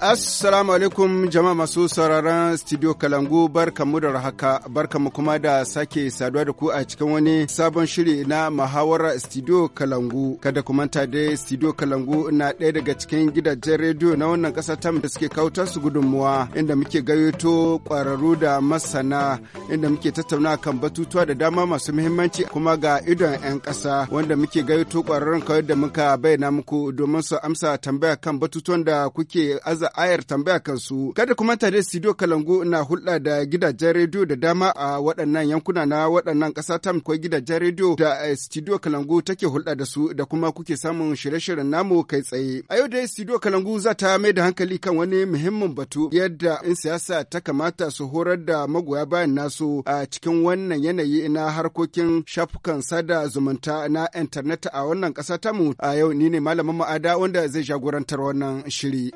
Assalamu alaikum jama'a masu sauraron studio Kalangu barkanmu da haka barkanmu kuma da sake saduwa da ku a cikin wani sabon shiri na muhawarar studio Kalangu kada ku manta dai studio Kalangu na ɗaya daga cikin gidajen rediyo na wannan ƙasa ta da suke kawo su gudunmuwa inda muke gayyato ƙwararru da masana inda muke tattauna kan batutuwa da dama masu muhimmanci kuma ga idon 'yan ƙasa wanda muke gayyato ƙwararrun kawai da muka bayyana muku domin su amsa tambaya kan batutuwan da kuke aza ayar tambaya kansu. Kada kuma tare studio Kalangu na hulɗa da gidajen rediyo da dama a waɗannan yankuna na waɗannan ƙasa ta gidajen rediyo da eh, Studio Kalangu take hulɗa da su da kuma kuke samun shirye-shiryen namu kai tsaye. A yau dai Studio Kalangu za ta mai da hankali kan wani muhimmin batu yadda 'yan siyasa ta kamata su horar da magoya bayan nasu a cikin wannan yanayi na harkokin shafukan sada zumunta na intanet a wannan ƙasa tamu a yau ni ne malamin ma'ada wanda zai jagorantar wannan shiri.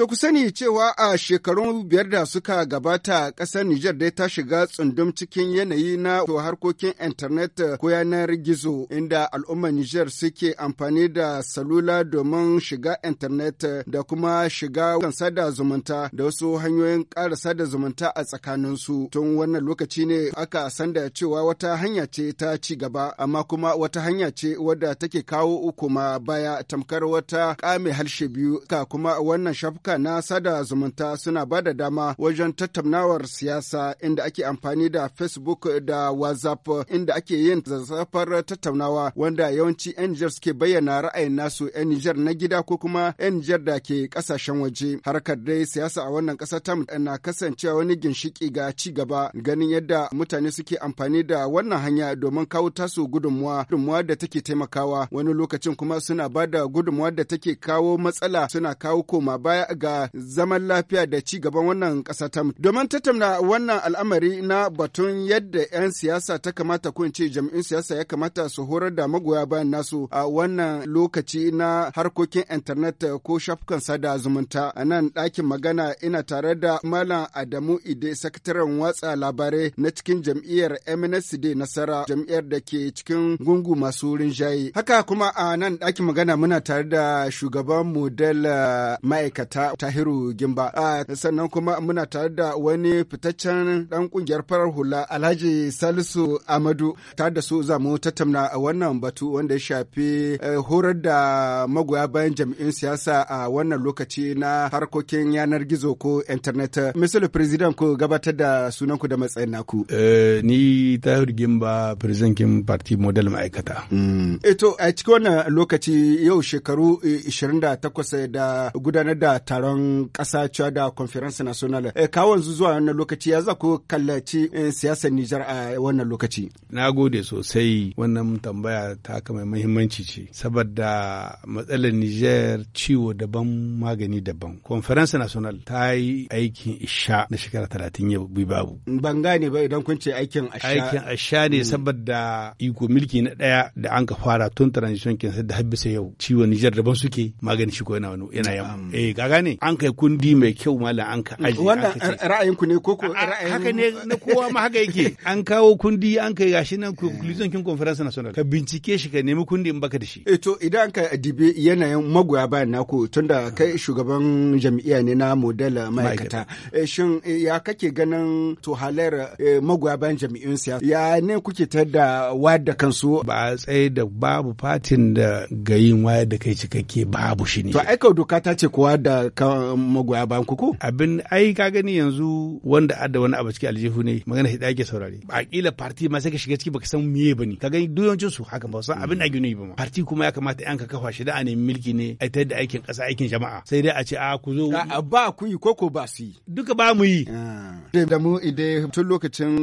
To ku sani cewa a shekarun biyar da suka gabata ƙasar Nijar dai ta shiga tsundum cikin yanayi na to harkokin intanet ko yanar gizo inda al'ummar Nijar suke amfani da salula domin shiga intanet da kuma shiga kan sada zumunta da wasu hanyoyin ƙara sada zumunta a tsakaninsu. Tun wannan lokaci ne aka san da cewa wata hanya ce ta ci gaba amma kuma wata hanya ce wadda take kawo kuma baya tamkar wata ƙame harshe biyu ka kuma wannan shafka shafuka na sada zumunta suna ba da dama wajen tattaunawar siyasa inda ake amfani da Facebook da WhatsApp inda ake yin zazzafar tattaunawa wanda yawanci 'yan Nijar suke bayyana ra'ayin nasu 'yan Nijar na gida ko kuma 'yan Nijar da ke kasashen waje. Harkar dai siyasa a wannan kasa ta na kasancewa wani ginshiki ga ci gaba ganin yadda mutane suke amfani da wannan hanya domin kawo tasu gudunmuwa gudunmuwa da take taimakawa wani lokacin kuma suna ba da gudunmuwa da take kawo matsala suna kawo koma baya ga zaman lafiya da ci gaban wannan ƙasa ta domin tattauna wannan al'amari na batun yadda 'yan siyasa ta kamata ko ce jami'in siyasa ya kamata su horar da magoya bayan nasu a wannan lokaci na harkokin intanet ko shafukan sada zumunta a nan ɗakin magana ina tare da malam adamu ide sakataren watsa labarai na cikin jam'iyyar MNSD nasara jam'iyyar da ke cikin gungu masu rinjaye haka kuma a nan ɗakin magana muna tare da shugaban model eh, ma'aikata Tahiru Gimba. Sannan kuma muna tare da wani fitaccen dan kungiyar farar hula Alhaji Salisu Amadu tare da su za mu tattauna wannan batu wanda ya shafi eh, horar da magoya bayan jam'in siyasa a wannan lokaci na harkokin yanar gizo ko intanet. Misali President ku gabatar da sunanku da matsayin naku. Eh, ni Tahiru Gimba, President Kim Party Model Ma'aikata. Mm. Eto eh, a cikin wannan lokaci yau shekaru 28 da gudanar da taron ƙasa cewa da conference national eh, ka wanzu zuwa wannan lokaci ya za ku kallaci eh, siyasar Nijar a wannan lokaci. Na gode sosai wannan tambaya ta mai muhimmanci ce saboda matsalar Nijar ciwo daban magani daban. Conference national ta yi aikin isha na shekara talatin yau bi babu. Ban gane ba idan kun ce aikin asha. Aikin asha ne hmm. saboda iko mulki na ɗaya da an ka fara tun transition kinsa da har bisa yau ciwon Nijar daban suke magani shi ko yana wani yana yamma. Eh ka gane ne an kai kundi mai kyau malam an ka aji wannan ra'ayinku ne ko ko ra'ayin haka ne na kowa ma haka yake an kawo kundi an kai gashi nan conclusion kin conference national ka bincike shi ka nemi kundi in baka da shi eh to idan ka dibe yanayin magoya bayan naku tunda kai shugaban jami'a ne na model ma'aikata eh, shin eh, ya kake ganin to halayar eh, magoya bayan jami'in siyasa ya ne kuke tar da wayar da kansu ba a tsaye da babu fatin da gayin wayar da kai cikakke babu shi ne to aika doka ta ce kowa da kan magoya bayan kuku abin ai ka gani yanzu wanda adda wani abu cikin aljihu ne magana hidda ake saurare a kila parti ma sai ka shiga ciki baka san miye bane ka gani duyancin su haka ba san abin da ake ba ma parti kuma ya kamata yan ka kafa shi da a nemi mulki ne a tayar da aikin kasa aikin jama'a sai dai a ce a ku zo ba ku yi ko ba su yi duka ba mu yi ah. eh, da mu ide tun lokacin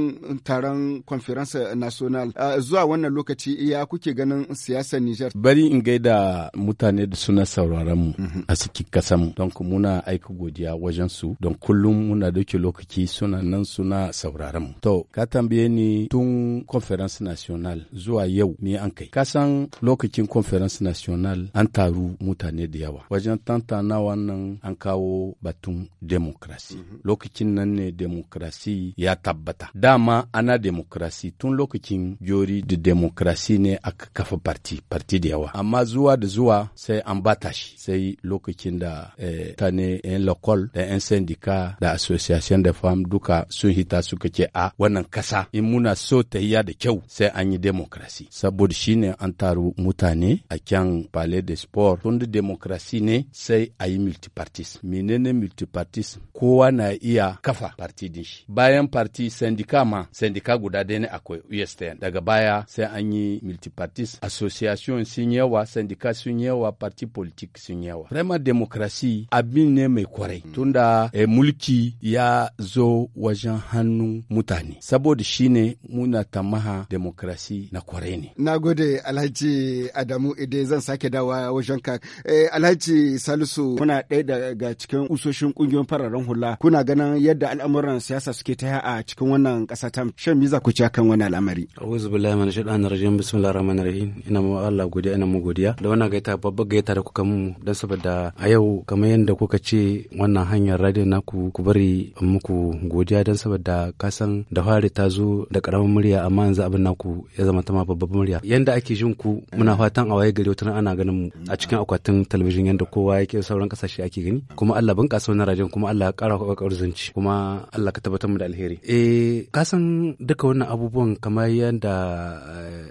taron conference national ah, zuwa wannan lokaci iya kuke ganin siyasar Niger bari in gaida mutane da suna sauraron mu mhm. a cikin kasan don ku muna aika godiya wajen su don kullum muna dauke lokaci suna nan suna sauraron mu to ka tambaye ni tun conference national zuwa yau me an kai kasan lokacin conference national an taru mutane da yawa wajen tantana wannan an kawo batun demokrasi mhm. lokacin nan ne demokrasi ya tabbata dama ana demokrasi tun lokacin jori da demokrasi ne aka kafa parti parti da yawa amma zuwa da zuwa sai an bata shi sai lokacin da eh, tane yan lokol da yan sindika da association de femmes duka sun hita suka ce a ah, wannan kasa in muna so ta yi da kyau sai an yi demokrasi saboda shine an taru mutane a kyan palais de sport tun da demokrasi ne sai a yi multipartis menene multipartis kowa na iya kafa parti din shi bayan parti sindika ma sindika guda dai ne akwai ustn daga baya sai an yi multipartis association sun yawa sindika sun yawa parti politique sun yawa vraiment demokrasi abin ne mai kwarai mm. tunda e, mulki ya zo wajen hannun mutane saboda shine muna maha. demokrasi na kwarai ne na gode alhaji adamu idai zan sake dawa wajen ka eh, alhaji salisu kuna ɗaya daga cikin usoshin ƙungiyoyin fararen hula kuna ganin yadda al'amuran siyasa suke ta a cikin wannan ƙasa ta shan miza ku ci akan wani al'amari a'udhu billahi minash shaitanir rajim bismillahir rahmanir rahim ina mu Allah godiya ina mu godiya da wannan gaita babbar gaita da kuka mu don saboda a yau kamar yadda da kuka ce wannan hanyar radio naku ku bari muku godiya don saboda kasan da fari ta zo da karamin murya amma yanzu abin naku ya zama ta ma babbar murya yanda ake jin ku muna fatan a waye gari wutar ana ganin mu a cikin akwatin talabijin yanda kowa yake sauran kasashe ake gani kuma Allah bunƙasa wannan radio kuma Allah ya ƙara ƙarzinci kuma Allah ka tabbatar mu da alheri eh kasan duka wannan abubuwan kamar yanda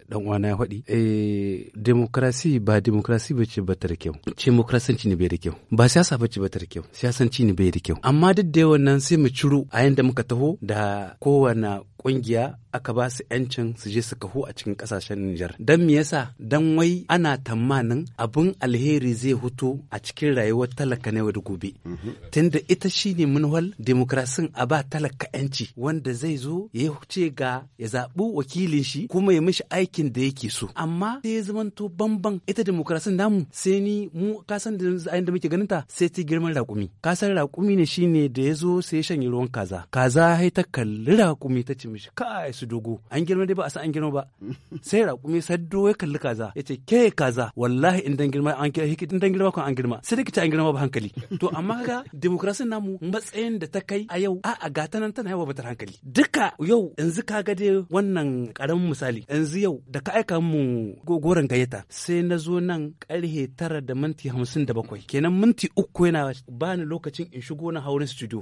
dan eh, uwana ya faɗi eh demokrasi ba demokrasi ba ce ba ta da kyau demokrasanci ne bai da kyau ba siyasa ba bacci ba ta da kyau siyasanci ne bai da kyau amma duk da yawan nan sai mu ciro a yanda muka taho da kowane kungiya aka ba su 'yancin su je su kahu a cikin kasashen Nijar. Don me yasa? Don wai ana tamanin abin alheri zai hutu a cikin rayuwar talaka na yau da gobe. Mhm. Tunda ita shine munhwal demokrasin a ba talaka 'yanci wanda zai zo ya ce ga ya zaɓi wakilin shi kuma ya mishi aikin da yake so. Amma sai ya zama to bamban ita demokrasin namu sai ni mu kasan da da muke ganin ta sai ta girman raƙumi. Kasan raƙumi ne shine da ya zo sai ya shanye ruwan kaza. Kaza hai ta kalli raƙumi ta ce mishi kai su dogo an girma dai ba a san an girma ba sai raƙumi saddo ya kalli kaza ya ce ke kaza wallahi in dan girma an girma in dan girma kun an girma sai ta an girma ba hankali to amma ga na namu matsayin da ta kai a yau a a gata nan tana yawa ta hankali duka yau yanzu ka ga dai wannan karamin misali yanzu yau da ka aika mu goran gayyata sai na zo nan karhe tara da minti hamsin da bakwai kenan minti uku yana bani lokacin in shigo na haurin studio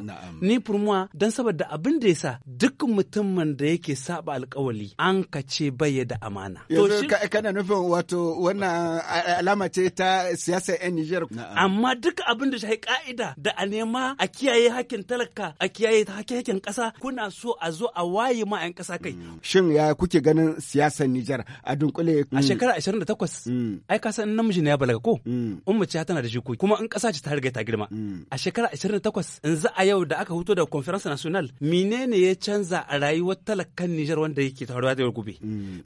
ni furmuwa dan saboda abin da yasa duk mutum mutumin da yake saba alkawali an ka ce baye da amana. Yanzu kana nufin wato wannan alama ce ta siyasar 'yan Nijar. Amma duk abin da shi ka'ida da a nema a kiyaye hakkin talaka a kiyaye hakkin ƙasa kuna so a zo a waye ma 'yan ƙasa kai. Mm. Shin ya kuke ganin siyasar Nijar a dunkule. A mm. shekara 28 mm. ai ka san namiji ne ya balaga ko? Umma ce tana da jikoki kuma in ƙasa ce ta riga ta girma. A shekara 28 in za a yau da aka huto da conference national menene ya canza a rayuwa wata talakan Nijar wanda yake taruwa da gobe. Mm.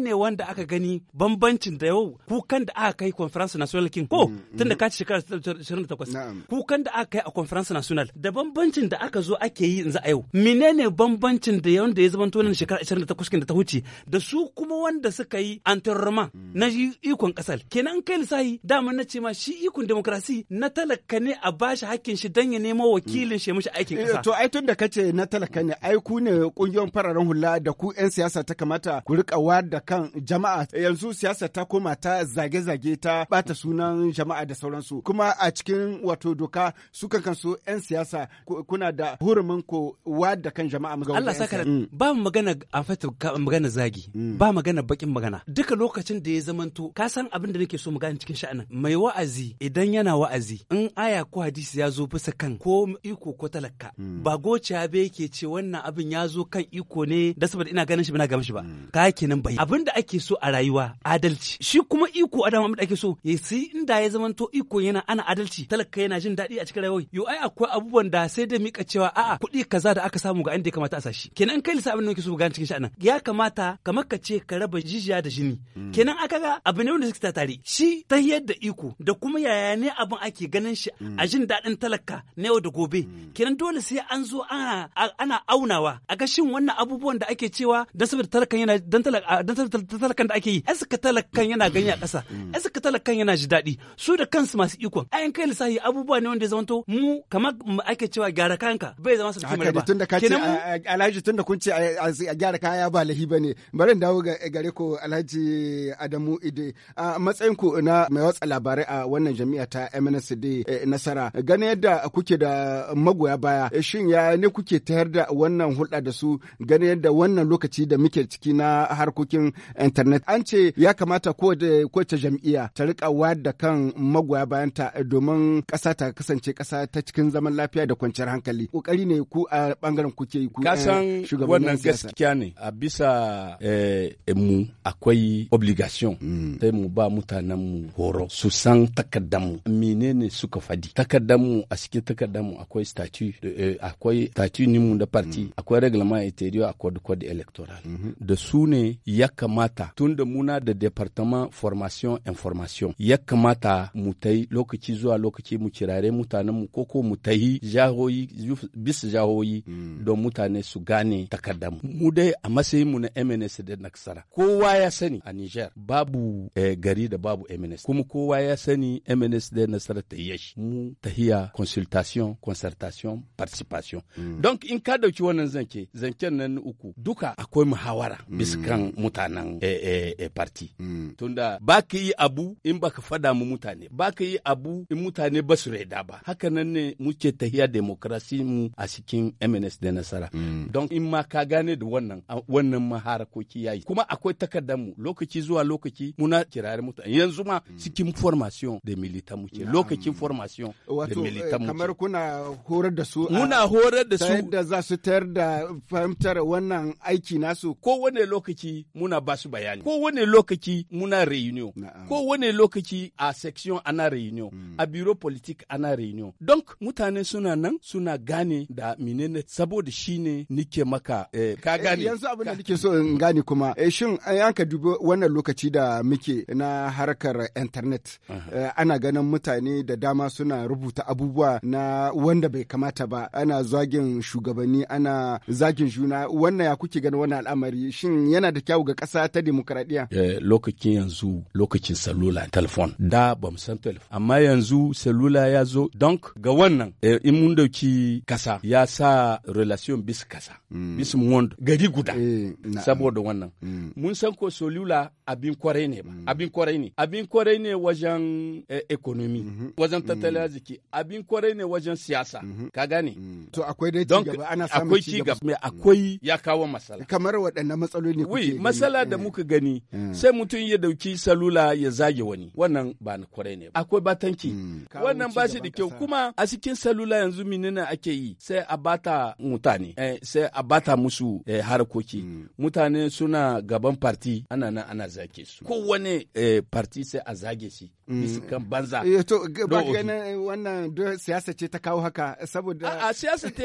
ne wanda aka gani bambancin da yau kukan da aka kai conference national King ko mm, mm. tun da kaci shekara 28 kukan da aka kai a conference national da bambancin da aka zo ake yi yanzu a yau. Mine ne bambancin da yau da ya zama tonin shekara 28 kin da ta huce da su kuma wanda suka yi antaroma na ikon kasar kenan kai lissahi dama na ce ma shi ikon demokrasi na talaka ne a bashi hakkin shi dan ya nemo wakilin shi mishi aikin kasa. Eh, to ai tun da kace na talaka ne ai ku ne kungiyar kungiyoyin fararen hula da ku 'yan siyasa ta kamata ku riƙa da kan jama'a yanzu siyasa ta koma ta zage-zage ta bata sunan jama'a da sauransu kuma a cikin wato doka su kan 'yan siyasa kuna da hurumin ku da kan jama'a ga Allah saka ba magana a fata magana zagi mm. ba magana bakin magana duka lokacin da ya zamanto ka san abin da nake so magana cikin sha'anin mai wa'azi idan yana wa'azi in aya ko hadisi ya zo bisa kan ko iko ko talaka mm. ba goce ba yake ce wannan abin ya zo kan iko ne da saboda ina ganin shi ba na gama shi ba mm. ka kenan bai abin da ake so a rayuwa adalci shi kuma iko adama ake so ya sai inda ya zamanta iko yana ana adalci talaka yana jin daɗi a cikin rayuwa yo ai akwai abubuwan da sai da mika cewa a'a kuɗi kaza da aka samu ga inda ya kamata a sashi kenan kai lissa abin da kake so gane cikin sha'anan. ya kamata kamar ka ce ka raba jijiya da jini mm. kenan aka ga abin da suke tare shi ta yadda iko da kuma yaya ne abin ake ganin shi mm. a jin daɗin talaka na yau da gobe kenan dole sai an zo ana aunawa a ga shin wannan abubuwan da ake cewa da saboda talakan yana dan talakan da ake yi ai suka talakan yana ganye a ƙasa ai suka talakan yana ji daɗi su da kansu masu ikon ai kai lissafi abubuwa ne wanda ya zamanto mu kamar ake cewa gyara kanka bai zama sarki mare ba tunda kace alhaji alhaji tunda kun ce a gyara kaya ba lahi bane bari dawo gare ko alhaji Adamu Ide a matsayin ku na mai watsa labarai a wannan jami'a ta MNSD eh, nasara gane yadda kuke da magoya baya eh, shin ya ne kuke tayar da wannan hulɗa da su ganin yadda wannan lokaci da muke ciki na harkokin internet an ce ya kamata kowace jam'iyya ta rika wayar da kan magoya bayanta domin kasa ta kasance kasa ta cikin zaman lafiya da kwanciyar hankali ƙoƙari ne ku a ɓangaren kuke ku kasan eh, wannan gaskiya ne a bisa eh, mu akwai obligation mm. sai mu ba mutanen mu horo su san takardamu menene suka fadi takardamu a cikin takardamu akwai statue eh, akwai statue mu da parti mm. akwai reglement exterior accord code electoral mm -hmm. da su ne ya kamata tun da muna da departament formation information ya kamata mu tai lokaci zuwa lokaci mu kirare mutanen mu koko mu tahi jahoyi bis jahoyi mm. don mutane su gane takardar mu dai a matsayin mu na MNS da Naksara kowa ya sani a Niger babu eh, gari da babu MNS kuma kowa ya sani MNS da Nasara ta yashi mu tahiya consultation concertation participation mm. donc in ka dauki wannan zance zanken bangaren nan uku duka akwai muhawara mm. kan mutanen e, parti mm. tunda ba ka yi abu in ka fada mu mutane ba ka yi abu in mutane ba su reda ba haka nan ne muke tahiya demokrasi mu a cikin MNS da nasara mm. don in ma ka gane da wannan wannan ko ki yayi kuma akwai takardar mu lokaci zuwa lokaci muna kirare mutane yanzu ma cikin formation da militan muke lokacin formation da militan muke kamar kuna horar da su muna horar da su da za su tayar da azabtar wannan aiki nasu wane lokaci muna ba su bayani wane lokaci muna reunion ko wane lokaci a section ana reunion hmm. a bureau politique ana reunion donc mutane suna nan suna gane da menene saboda shine nike maka eh, ka eh, gane yanzu abin da nake so in gane kuma eh, shin an ka dubi wannan lokaci da muke na harkar internet ana ganin mutane da dama suna rubuta abubuwa na wanda bai kamata ba ana zagin shugabanni ana zagin juna masana wannan ya kuke gani wannan al'amari shin yana da kyau ga ƙasa ta demokradiyya. Eh, lokacin yanzu lokacin salula telefon da ba mu san telefon amma yanzu salula ya zo donc ga wannan eh, in mun dauki kasa ya sa relation bis kasa mm. bis wanda gari guda eh, saboda wannan mm. mun san ko salula abin kwarai ne ba mm. abin kwarai ne abin kwarai ne wajen eh, economy mm -hmm. wajen tattalin mm. arziki abin kwarai ne wajen siyasa -hmm. ka gane mm. to akwai dai ci gaba ana samun ci gaba akwai akwai ya kawo matsala kamar waɗanne matsaloli kuke matsala da eh. muka gani hmm. sai mutum ya dauki salula ya zage wani wannan ba na kwarai ne akwai batanki hmm. wannan ba shi da kyau kuma a cikin salula yanzu menene ake yi sai a bata mutane eh, sai a bata musu eh, harkoki hmm. mutane suna gaban parti ana nan ana zage su kowane parti sai a zage shi kan banza to ba ganin wannan siyasa ce ta kawo haka saboda a siyasa ta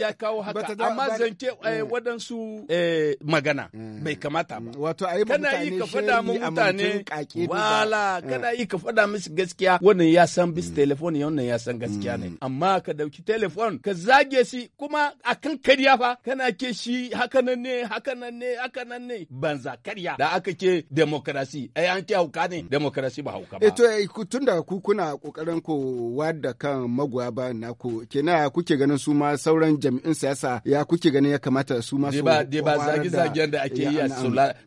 ya kawo haka amma zance Eh, eh, mm. waɗansu eh, magana mm. bai kamata ba. Wato a yi kana yi ka faɗa mu mutane wala kana yi ka faɗa musu gaskiya wannan ya san bis mm. telefon ya wannan ya san gaskiya ne amma ka dauki telefon ka zage shi kuma a kan karya fa kana ke shi nan ne nan ne nan ne banza karya da aka ke demokarasi ai an ke hauka ne demokarasi ba hauka ba. Eto tunda ku kuna kokarin ku wadda kan magoya ba naku kina kuke ganin su ma sauran jami'in siyasa ya kuke ganin ya kamata su ma su da ba zagi zagen da ake yi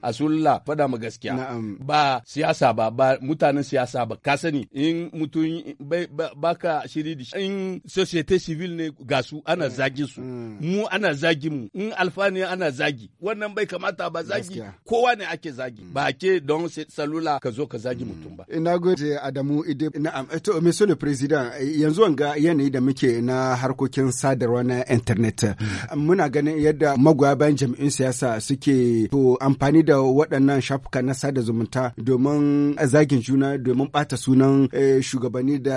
a sulla fada mu gaskiya ba siyasa ba ba mutanen siyasa ba ka sani in mutum ka shiri da in societe civil ne ga su ana mm. zagi su mm. mu ana zagi mu in alfani ana zagi wannan bai kamata ba zagi kowa ne ake zagi mm. ba ke don salula ka zo ka zagi mutum ba ina gode Adamu Ide na'am eh, to monsieur le president eh, yanzu an ga yanayi da muke na harkokin sadarwa na internet muna ganin yadda magoya bayan jam'in siyasa suke to amfani da waɗannan shafuka na sada zumunta domin zagin juna domin ɓata sunan eh, shugabanni da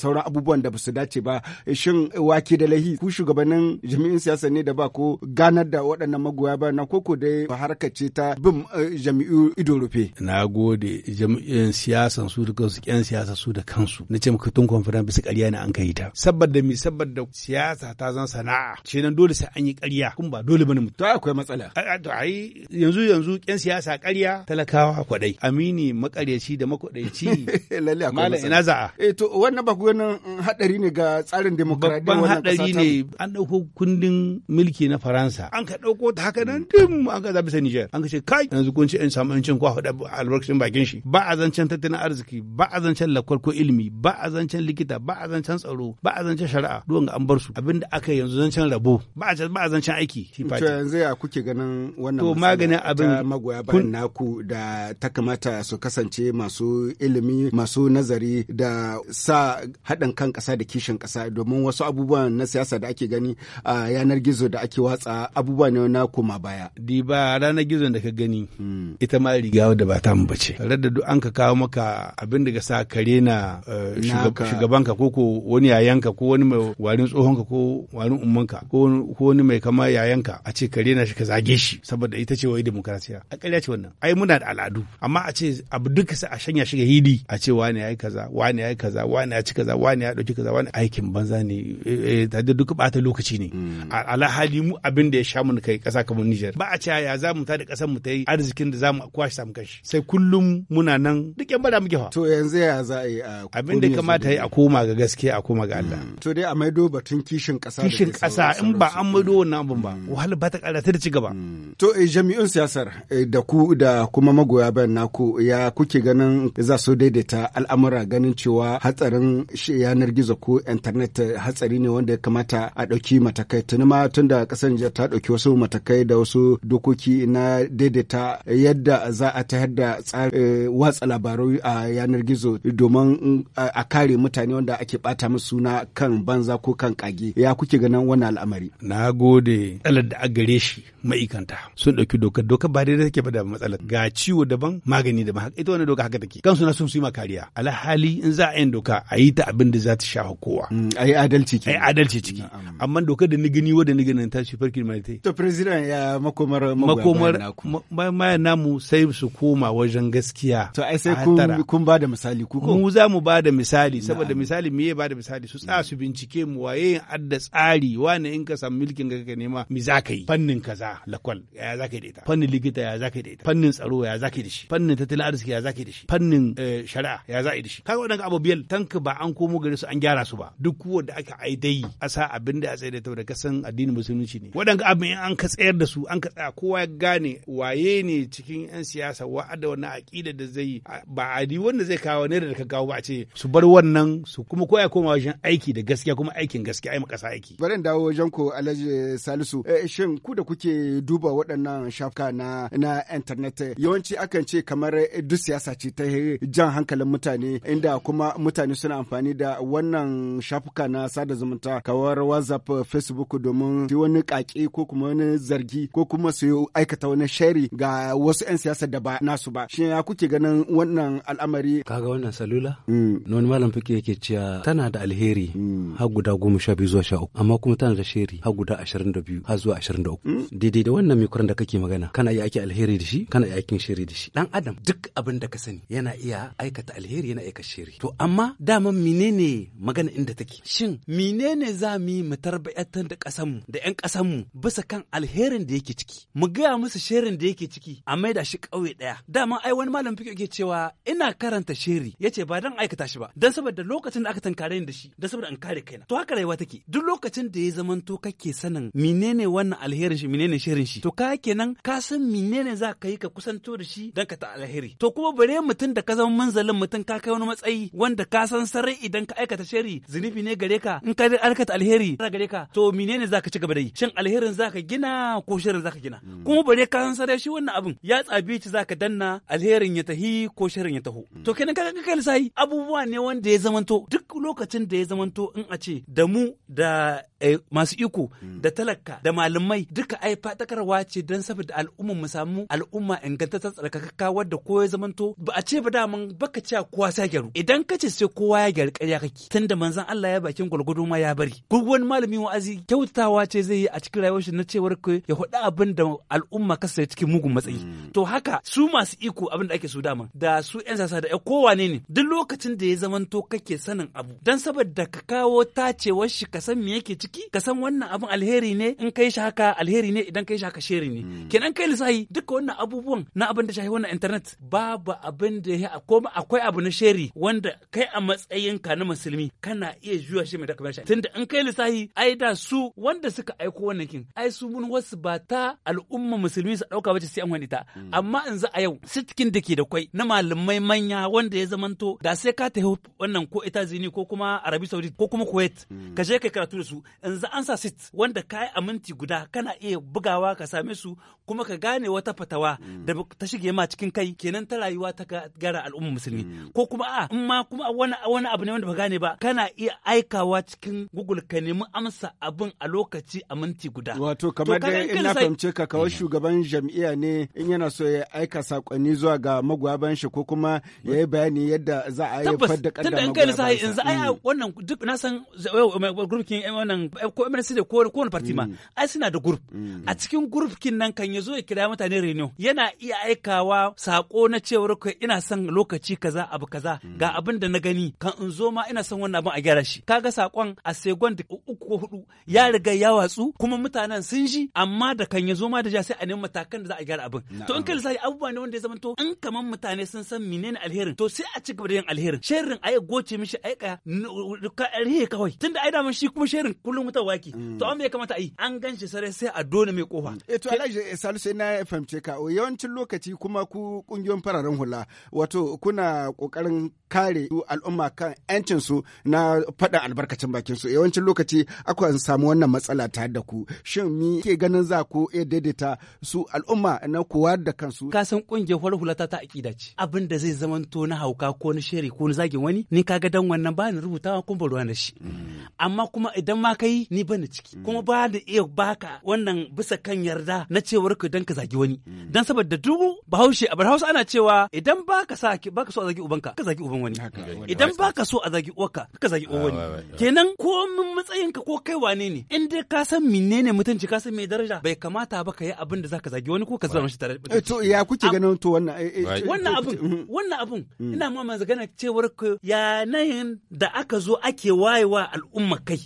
sauran abubuwan da ba su dace ba shin wake da lahi ku shugabannin jami'in siyasa ne da ba ko ganar da waɗannan magoya bayan na koko dai harka ce ta bin eh, jami'u ido rufe. Na gode jami'in siyasan su da kansu ƴan siyasa su da kansu na ce muka tun kwamfuran bisa ƙarya ne an kai ta. sabbada mi sabbada. siyasa ta zan sana'a ce nan dole sai an yi ƙarya kuma ba dole bane mutu akwai matsala ai yanzu yanzu yan siyasa ƙarya talakawa kwadai amini makaryaci da makwadaici lalle akwai matsala ina za'a eh to wannan ba ganin mm, hadari ne ga tsarin demokradiyya wannan hadari ne an dauko kundin mulki na Faransa an ka dauko ta haka nan din an ka zabi sai Niger an ka ce kai yanzu kun ci yan samu yancin kwa hada albarkacin bakin shi ba a zancen tattalin arziki ba a zancen lakwar ko ilimi ba a zancen likita ba a zancen tsaro ba a zancen shari'a duwan an bar su abinda aka yanzu zancen rabo ba a zancen aiki shi fati. To yanzu ya kuke ganin wannan to maganin abin magoya bayan naku da ta kamata su kasance masu ilimi masu nazari da sa haɗin kan ƙasa da kishin ƙasa domin wasu abubuwan na siyasa da ake gani a yanar gizo da ake watsa abubuwa ne na koma baya. Di ba ranar gizo da ka gani hmm. ita ma riga da ba ta bace. Tare an ka kawo maka abin daga sa kare eh, na shugabanka ko ko wani yayanka ko wani mai warin tsohonka ko warin ka. ko wani mai kama yayanka a ce ka rena shi ka zage shi saboda ita ce wai demokrasiya a ƙarya ce wannan ai muna da al'adu amma a ce abu duka sai a shanya shi ga hidi a ce wani yayi kaza wani yayi kaza wani ya ci kaza wani ya dauki kaza wani aikin banza ne eh, eh, ta duka bata lokaci ne mm. alhali mu abin da ya sha mun kai ƙasa kamar Niger ba a ce ya za mu ta da ƙasar mu ta yi arzikin da za mu kwashi samu kashi sai kullum muna nan duk yan bada muke fa to yanzu ya za a yi abin da kamata yi a koma ga gaskiya a koma ga Allah mm. to dai a maido batun kishin ƙasa kishin ƙasa in ba an maido wannan abin ba mm. wahala ba ta da ci gaba. Mm. To eh, jami'un siyasar eh, da ku da kuma magoya bayan naku ya kuke ganin za su daidaita al'amura ganin cewa hatsarin yanar gizo ko internet eh, hatsari ne wanda ya kamata a ɗauki matakai tuni ma tun da ƙasar jiya ta ɗauki wasu matakai da wasu dokoki na daidaita yadda za a tayar da watsa labarai a yanar gizo domin mm, a kare mutane wanda ake ɓata musu suna kan banza ko kan kage ya kuke ganin wannan al'amari. Na gode matsalar da a gare shi ma'aikanta sun ɗauki dokar dokar ba daidai take ba da matsalar ga ciwo daban magani daban haka ita wani doka haka take kansu na sun su yi ma kariya alhali in za a yin doka a yi ta abin da za ta shafa kowa mm, a yi adalci ciki a yi adalci ciki amma dokar da ni gani wadda ni gani ta shi farkin mai ta to president ya makomar makomar mayan namu sai su koma wajen gaskiya to ai sai kun ba da misali ku ko mu za mu ba da misali saboda misali me ya ba da misali su tsaya su bincike mu waye adda tsari wani in ka samu milkin ga ka nema kuma mi za ka yi fannin kaza lakwal ya za ka yi da ita fannin likita ya za ka yi da ita fannin tsaro ya za ka yi da shi fannin tattalin arziki ya za ka yi da shi fannin eh, shari'a ya za ka yi da shi kaga waɗanda abu biyar tanka ba an komo gari su an gyara su ba duk wanda aka aidai a sa abin da a tsaye da ta da kasan addinin musulunci ne abu in an ka tsayar da su an ka tsaya kowa ya gane waye ne cikin 'yan siyasa wa da wannan aƙida da zai ba adi wanda zai kawo ne da ka kawo ba a ce su bar wannan su kuma ya koma wajen aiki da gaskiya kuma aikin gaskiya ai makasa aiki. Bari dawo wajen ku Alhaji Salisu su eh, shin ku da kuke duba waɗannan shafuka na na internet eh, yawanci akan ce kamar eh, duk siyasa ce ta jan hankalin mutane inda kuma mutane suna amfani da wannan shafuka na sada zumunta kawar whatsapp facebook domin su wani kaki ko kuma wani zargi ko kuma su aikata wani shari ga wasu 'yan siyasa da ba nasu ba shin ya kuke ganin wannan al'amari kaga wannan salula mm. na wani malam fiki yake cewa tana da alheri mm. har guda goma sha biyu zuwa sha uku amma kuma tana da sheri har guda ashirin da biyu biyu har zuwa ashirin da uku hmm? daidai da wannan mikron da kake magana kana iya alheri da shi kana iya aikin shiri da shi dan adam duk abin da ka sani yana iya aikata alheri yana aika shiri to amma dama menene magana inda take shin menene za mu yi mu tarbiyatar da kasanmu da yan kasanmu bisa kan alherin da yake ciki mu gaya musu shirin da yake ciki a maida shi kauye ɗaya dama ai wani malam fiƙo yake cewa ina karanta shiri ya ce ba dan aikata shi ba dan saboda lokacin da aka tankare ni da shi dan saboda in kare kaina to haka rayuwa take duk lokacin da ya zamanto kake sanin menene menene wannan alherin shi menene shirin shi to ka kenan ka san menene za ka yi ka kusanto da shi dan ka ta alheri to kuma bare mutum da ka zama manzalin mutum ka kai wani matsayi wanda ka san sarai idan ka aikata shari zunubi ne gare ka in ka aikata alheri gare ka to menene za ka ci gaba da yi shin alherin za ka gina ko shirin za ka gina hmm. kuma bare ka san sarai shi wannan abin ya tsabi ci za ka danna alherin ya tahi ko shirin ya taho hmm. to kenan ka ga kai sai abubuwa ne wanda ya zamanto duk lokacin da ya zamanto in a ce da mu da Eh, masu iko mm. da talaka da malamai duka ai fadakarwa ce don saboda al'ummar mu samu al'umma ingantaccen tsarkakakka wadda ko ya zamanto ba a ce ba daman baka cewa kowa sai gyaru idan ka ce sai kowa ya gyaru ƙarya kake tunda manzon Allah ya bakin gulgudu ma ya bari duk wani malamin wa'azi kyautatawa ce zai yi a cikin rayuwar shi na cewar ka ya faɗi abin da al'umma ka sai cikin mugun matsayi mm. to haka su masu iko abin da ake so dama da su yan sasa da kowane ne duk lokacin da ya zamanto kake sanin abu dan saboda ka kawo tacewar shi ka san me yake ciki ka san wannan abin alheri ne in kai shi haka alheri ne idan kai shi haka sheri ne hmm. kenan kai lissahi duka wannan abubuwan na abin da shafi wannan internet babu abin da ya koma akwai abu na sheri wanda kai a matsayinka ka na musulmi kana iya juya shi mai da shi tunda in kai lissahi ai da su wanda suka aiko wannan kin ai su mun wasu ba ta al'umma musulmi su dauka ba sai an wani ta hmm. amma in za a yau sitkin da ke da kwai na malamai manya wanda ya zamanto da sai ka tafi wannan ko zini ko kuma arabi saudi ko kuma kuwait hmm. ka je kai karatu da su yanzu an sa sit wanda ka yi aminti guda kana iya bugawa ka same su kuma ka gane wata fatawa da ta shige ma cikin kai kenan ta rayuwa ta gara al'umma musulmi mm. ko kuma a in ma kuma wani wani abu ne wanda ba gane ba kana iya aikawa cikin google ka nemi amsa abin a lokaci a minti guda wato kamar da ina fahimce ka kawai mm. shugaban jam'iyya ne in yana so ya aika sakonni zuwa ga magoya shi ko kuma ya yi bayani yadda za a yi fadda kadda magoya bayan sa yanzu ai mm. wannan duk na san eh, eh, eh, wannan Eh, ko MNC da ko wani parti ma mm. ai suna da group mm. a cikin group kin nan kan yazo ya kira mutane reunion yana iya aikawa sako na cewar kai ina son lokaci kaza abu kaza mm. ga abin da na gani kan in zo ma ina son wannan abin a gyara shi kaga sakon a segon da uku ko hudu ya riga ya watsu kuma mutanen sun ji amma da kan yazo ma da ja sai a nemi matakan da za a gyara abin to in kai lissafi abubuwa ne wanda ya zama to in kaman mutane sun san menene alherin to sai a ci gaba da yin alherin sharrin ai goce mishi aika alheri kawai tunda ai da shi kuma sharrin kullum wutar waki mm. to an bai kamata a yi an gan shi sarai sai a dole mai kofa mm. eh to Alhaji eh, Salisu na fahimce ka yawancin lokaci kuma ku kungiyoyin fararen hula wato kuna kokarin kare al'umma kan yancin su na fada albarkacin bakin su yawancin lokaci akwai samu wannan matsala ta da ku shin mi ke ganin za ku iya daidaita su al'umma na kuwa da kansu ka san kungiyar farar hula ta ta akida ce abin da zai zamanto na hauka ko na shere ko na zagin wani ni kaga dan wannan ba ni rubutawa kun ba ruwa da shi mm. amma kuma idan ma ka kai ni bani ciki mm. kuma ba da iya baka wannan bisa kan yarda na cewar ka dan ka zagi wani mm. dan saboda duk bahaushe a hausa ana cewa idan baka sa baka so a zagi ubanka ka zagi uban wani idan baka so a zagi uwarka ka zagi uwan wani kenan ko min matsayin ka ko kai wane ne in dai ka san menene mutunci ka san me daraja bai kamata ba ka yi abin da zaka zagi wani ko ka zama shi tare eh, to ya kuke ganin to wannan eh, eh, wannan abun mm. wannan abun ina ma magana cewar ka yanayin da aka zo ake wayewa al'umma kai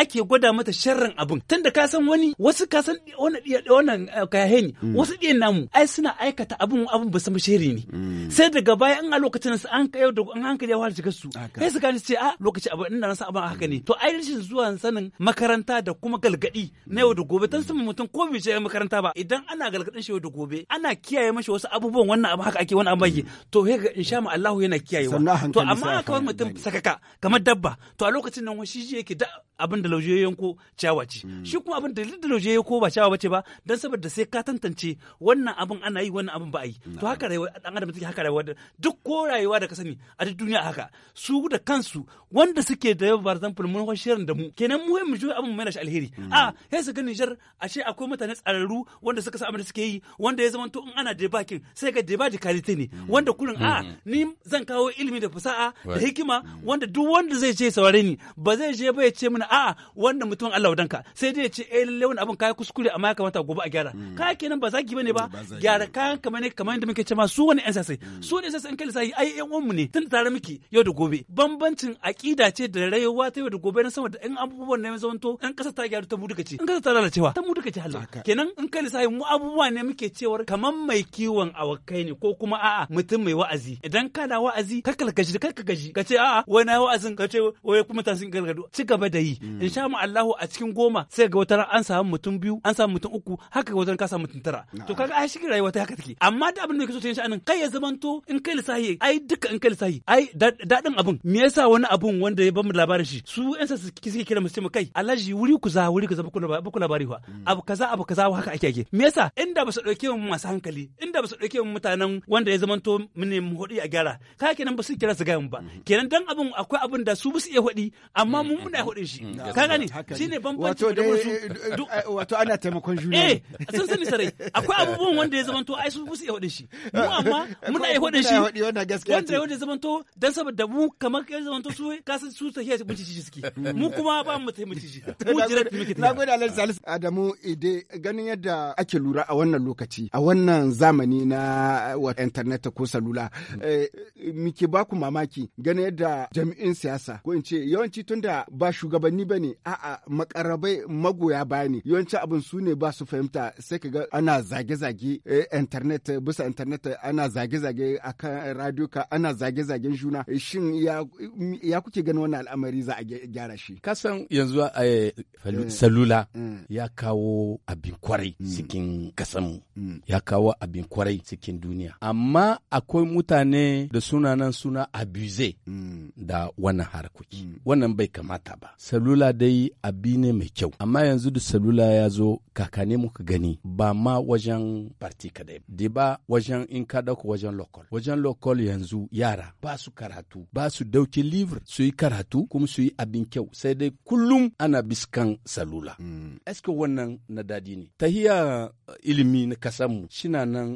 ake yake gwada mata sharrin abin tunda ka san wani wasu ka san wani ɗiya wannan eh, kayahe hmm. wasu ɗiyan namu ai suna aikata abin abin ba san shiri ne hmm. sai daga baya an a lokacin su an kai da an hankali ya fara shiga su kai su gani ce a ah, lokaci abin inda na san abin haka ne hmm. to ai rashin zuwa sanin makaranta da kuma galgadi na yau da gobe dan sun mutum ko bai je makaranta ba idan ana galgadin shi yau da gobe ana kiyaye mashi wasu abubuwan wannan abu haka ake wani abu ake to he ga insha ma Allah yana kiyayewa to amma haka mutum sakaka kamar dabba to a lokacin nan shi yake da abin da lauje yanko ciyawa ce hmm. shi kuma abin da da lauje yanko ba ciyawa bace ba dan saboda sai ka tantance wannan abin ana yi wannan abin ba a yi to haka rayuwa dan adam take haka rayuwa duk ko rayuwa da ka sani a duk duniya haka su da kansu wanda suke da yawa bar zamfin mun shirin da mu kenan mu mu juya abin mai shi alheri hmm. a sai su ga a ce akwai mutane tsararru wanda suka sa abin da suke yi wanda ya zama to in ana debakin sai ga debaji kalite ne hmm. wanda kurin a ni zan kawo ilimi da fasaha da hikima wanda duk wanda zai je saurare ni ba zai je ba ya ce wani a wannan mutum Allah wa danka sai dai ce eh lalle wannan abin kai kuskure amma ya kamata gobe a gyara hmm. kai kenan ba zaki bane ba hmm, gyara kayan kamar ne kamar yadda muke cewa su wani yan sasai hmm. su ne sasai in kai lissafi ai yan uwan mu ne tun tare miki yau da gobe bambancin akida ce da rayuwa ta yau da gobe na sama da in abubuwan ne zaman to in kasa ta gyaru ta mu duka ce in kasa ta lalacewa ta mu duka ce halin kenan in kai lissafi mu abubuwa ne muke cewar kamar mai kiwon awakai ne ko kuma a'a mutum mai wa'azi idan kana wa'azi kakal gaji kakka gaji ka ce a'a wani wa'azin ka ce wai kuma ta sun gargado ci gaba da yi yi in sha mu Allahu a cikin goma sai ga wata an samu mutum biyu an samu mutum uku haka ga wata ka samu mutum tara to kaga ai shi rayuwa ta haka take amma da abin da kake so ta yi sha'anin kai ya zamanto in kai lissahi ai duka in kai lissahi ai daɗin abin me yasa wani abun wanda ya bamu labarin shi su yan sa suke kira musu ce kai ji wuri ku za wuri ku za baku labari fa mm. abu kaza abu kaza haka ake ake me yasa inda ba su dauke mu masu hankali inda ba su dauke mu mutanen wanda ya zamanto mu ne mu hodi a gyara ka kenan ba su kira su ga mu ba mm-hmm. kenan dan abin akwai abin da su ba su iya hodi amma mun mm-hmm. muna hodin shi shi ka gane shine bambanci da wasu eh, eh, wato ana taimakon juna eh sun sani sarai akwai abubuwan wanda ya zamanto ai su su iya hudin shi mu amma eh, muna iya hudin shi wanda ya hudin zamanto dan saboda mu kamar ya zamanto su ka san su tafiya su bincike suke mu kuma ba mu taimaki shi mu jira muke na gode Allah Salisu Adamu ide ganin yadda ake lura a wannan lokaci a wannan zamani na internet ko salula muke ba ku mamaki ganin yadda jami'in siyasa ko in ce yawanci tunda ba shugaban shugabanni bane a'a makarabai magoya baya ne yawanci abin su ne ba su fahimta sai ka ga ana zage-zage eh, internet bisa internet ana zage-zage akan radio ka ana zage-zagen juna shin ya kuke ganin wannan al'amari za a gyara shi kasan yanzu eh, eh, salula ya kawo abin kwarai hmm. cikin kasan hmm. ya kawo abin kwarai cikin duniya amma akwai mutane da sunanan suna abuse hmm. da wannan harkoki wannan bai kamata ba salula dai abi ne mai kyau amma yanzu da salula ya zo kakane muka gani ba ma wajen parti kadai da ba wajen in ka dauka wajen lokal wajen lokal yanzu yara ba su karatu ba su dauki livre su yi karatu kuma su yi abin kyau sai dai kullum ana biskan salula mm. eske wannan na dadi ne tahiya eh, ilimi na kasanmu shina nan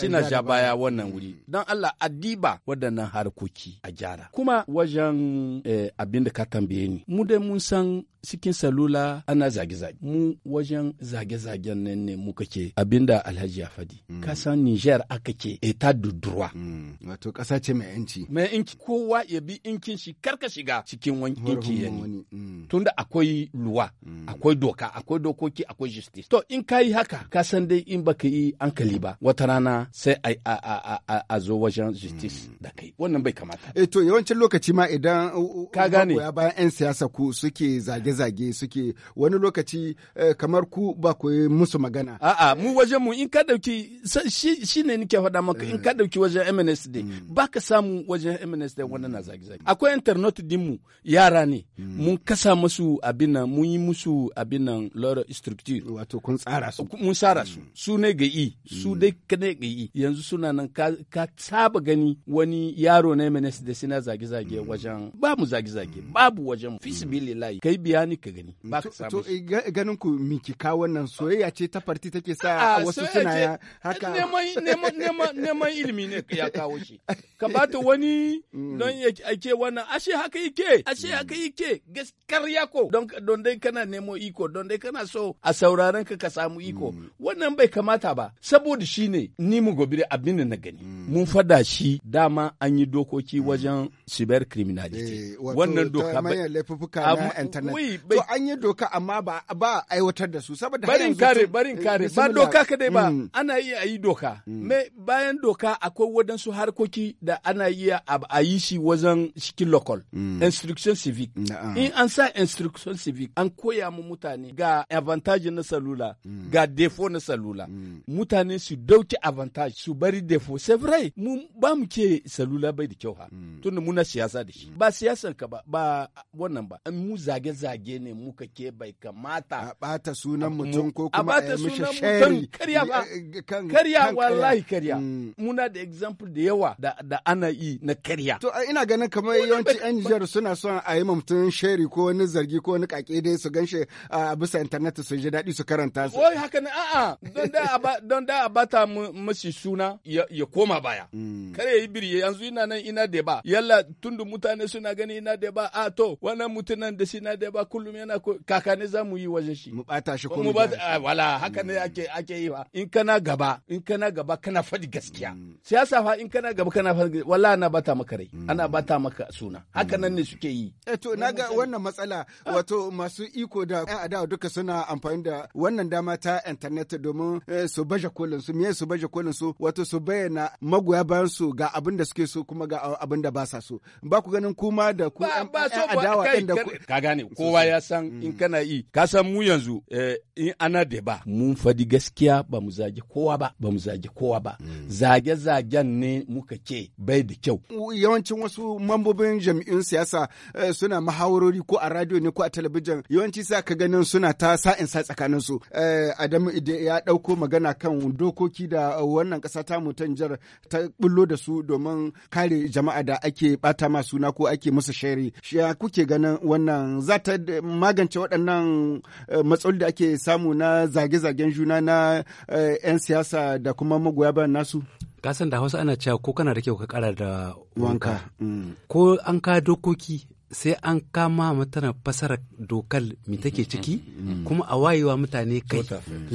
sina ja baya wannan wuri mm. don Allah adiba waɗannan harkoki a jara. kuma wajen eh, abin da ka tambaye ni mu dai mun san cikin salula ana zage-zage mu wajen zage-zagen nan ne muka ke abinda alhaji ya fadi mm. kasan niger aka ke eta dudurwa mm. wato kasa ce mai yanci mai yanci kowa ya bi yankin shi karka shiga cikin wani yanki ya ne mm. tunda akwai luwa mm. akwai doka akwai dokoki akwai justice to in kayi haka kasan dai in baka yi ankali ba wata rana sai a, a, a, a, a zo wajen justice mm. da kai wannan bai kamata eh to yawancin lokaci ma idan ka gane bayan yan siyasa ku suke zage-zage suke wani lokaci eh, kamar ku ba ku musu magana. A'a mu wajen mu in ka dauki shi ne nike faɗa maka in ka dauki eh. wajen MNSD hmm. ba ka samu wajen MNSD wani na zage-zage. Akwai internet dinmu yara ne hmm. mun kasa musu abin nan mun yi musu abin nan lora structure. Wato kun tsara su. Mun tsara su. Hmm. Su ne ga i su dai ne ga i yanzu suna nan ka saba gani wani yaro na MNSD suna zage-zage wajen ba mu zage-zage babu wajen mu. bismillah kai bayani ka gani ba ka samu to eh, ganin ku min ki ka wannan soyayya ce ta farti take sa wasu suna haka neman neman neman neman ilimi ne ya kawo shi ka ta wani mm. don ya ake wannan ashe haka yake ashe haka mm. yake gaskar ko don don dai kana nemo iko don dai kana so a sauraron ka ka samu iko mm. wannan bai kamata ba saboda shine ni mu gobe abin na gani mun fada shi dama an yi dokoki wajen cyber criminality eh, wannan doka doka na internet to an yi doka amma ba ba aiwatar da su saboda barin kare barin eh, kare ba doka ka dai ba mm. ana iya yi doka mm. me bayan doka akwai wadansu harkoki da ana iya a yi shi wajen cikin local mm. instruction civic in an sa instruction civic an koya mu mutane ga advantage na salula ga defo na salula mutane su dauki advantage su bari defo c'est vrai mu ba mu ke salula bai da kyau ha tunda muna siyasa da shi ba siyasar ka ba ba wannan ba ba in mu zage-zage ne muka ke bai kamata a bata sunan mutum ko kuma a mishi shari karya ba eh, eh, karya wallahi karya mm. muna da example da yawa da ana yi na karya to ina ganin kamar yawanci yan jihar suna son a yi mutum shari ko wani zargi ko wani kake dai su ganshi a bisa internet su ji daɗi su karanta su oi haka ne a'a don da a bata mashi suna ya koma baya mm. kare yi biri yanzu ina nan ina da ba yalla tundu mutane suna gani ina da ba a to wannan mutum nan da sinadai ba kullum yana kakane za mu yi wajen shi mu bata shi ko mu ah, wala haka ne ake mm. ake yi fa in kana gaba in kana gaba kana faɗi gaskiya mm. siyasa fa in kana gaba kana faɗi gaskiya wala na bata maka rai ana bata mm. maka suna haka nan ne suke yi eh to naga wannan matsala ah. wato masu iko da ƴan adawa duka suna amfani da wannan dama ta internet domin eh, su baje kolin su me su baje kolin su wato su bayyana magoya bayan su ga abin da suke so kuma ga abin da ba sa so ba ku ganin kuma da ku ƴan adawa ɗin da ka gane kowa ya san in mm. kana yi ka san mu yanzu eh, in ana da ba mun fadi gaskiya ba mu zage kowa ba ba mu zage kowa ba mm. zage zagen ne muka ke bai da kyau yawancin wasu mambobin jami'in siyasa eh, suna mahawarori ko a radio ne ko a talabijin yawanci sa ka ganin suna ta sa'in sa tsakanin su eh, adamu ya dauko magana kan dokoki da wannan kasa ta mu tanjar ta bullo da su domin kare jama'a da ake bata masu suna ko ake musu sharia ya kuke ganin wannan za ta magance waɗannan eh, matsaloli da ake samu na zage-zagen juna na 'yan eh, siyasa da kuma magoya bayan nasu? kasan da hausa ana cewa ko kana da kyau ka kara da wanka mm. ko an ka dokoki sai an kama mutane fasarar dokar mi take ciki mm, mm, kuma a wayewa mutane kai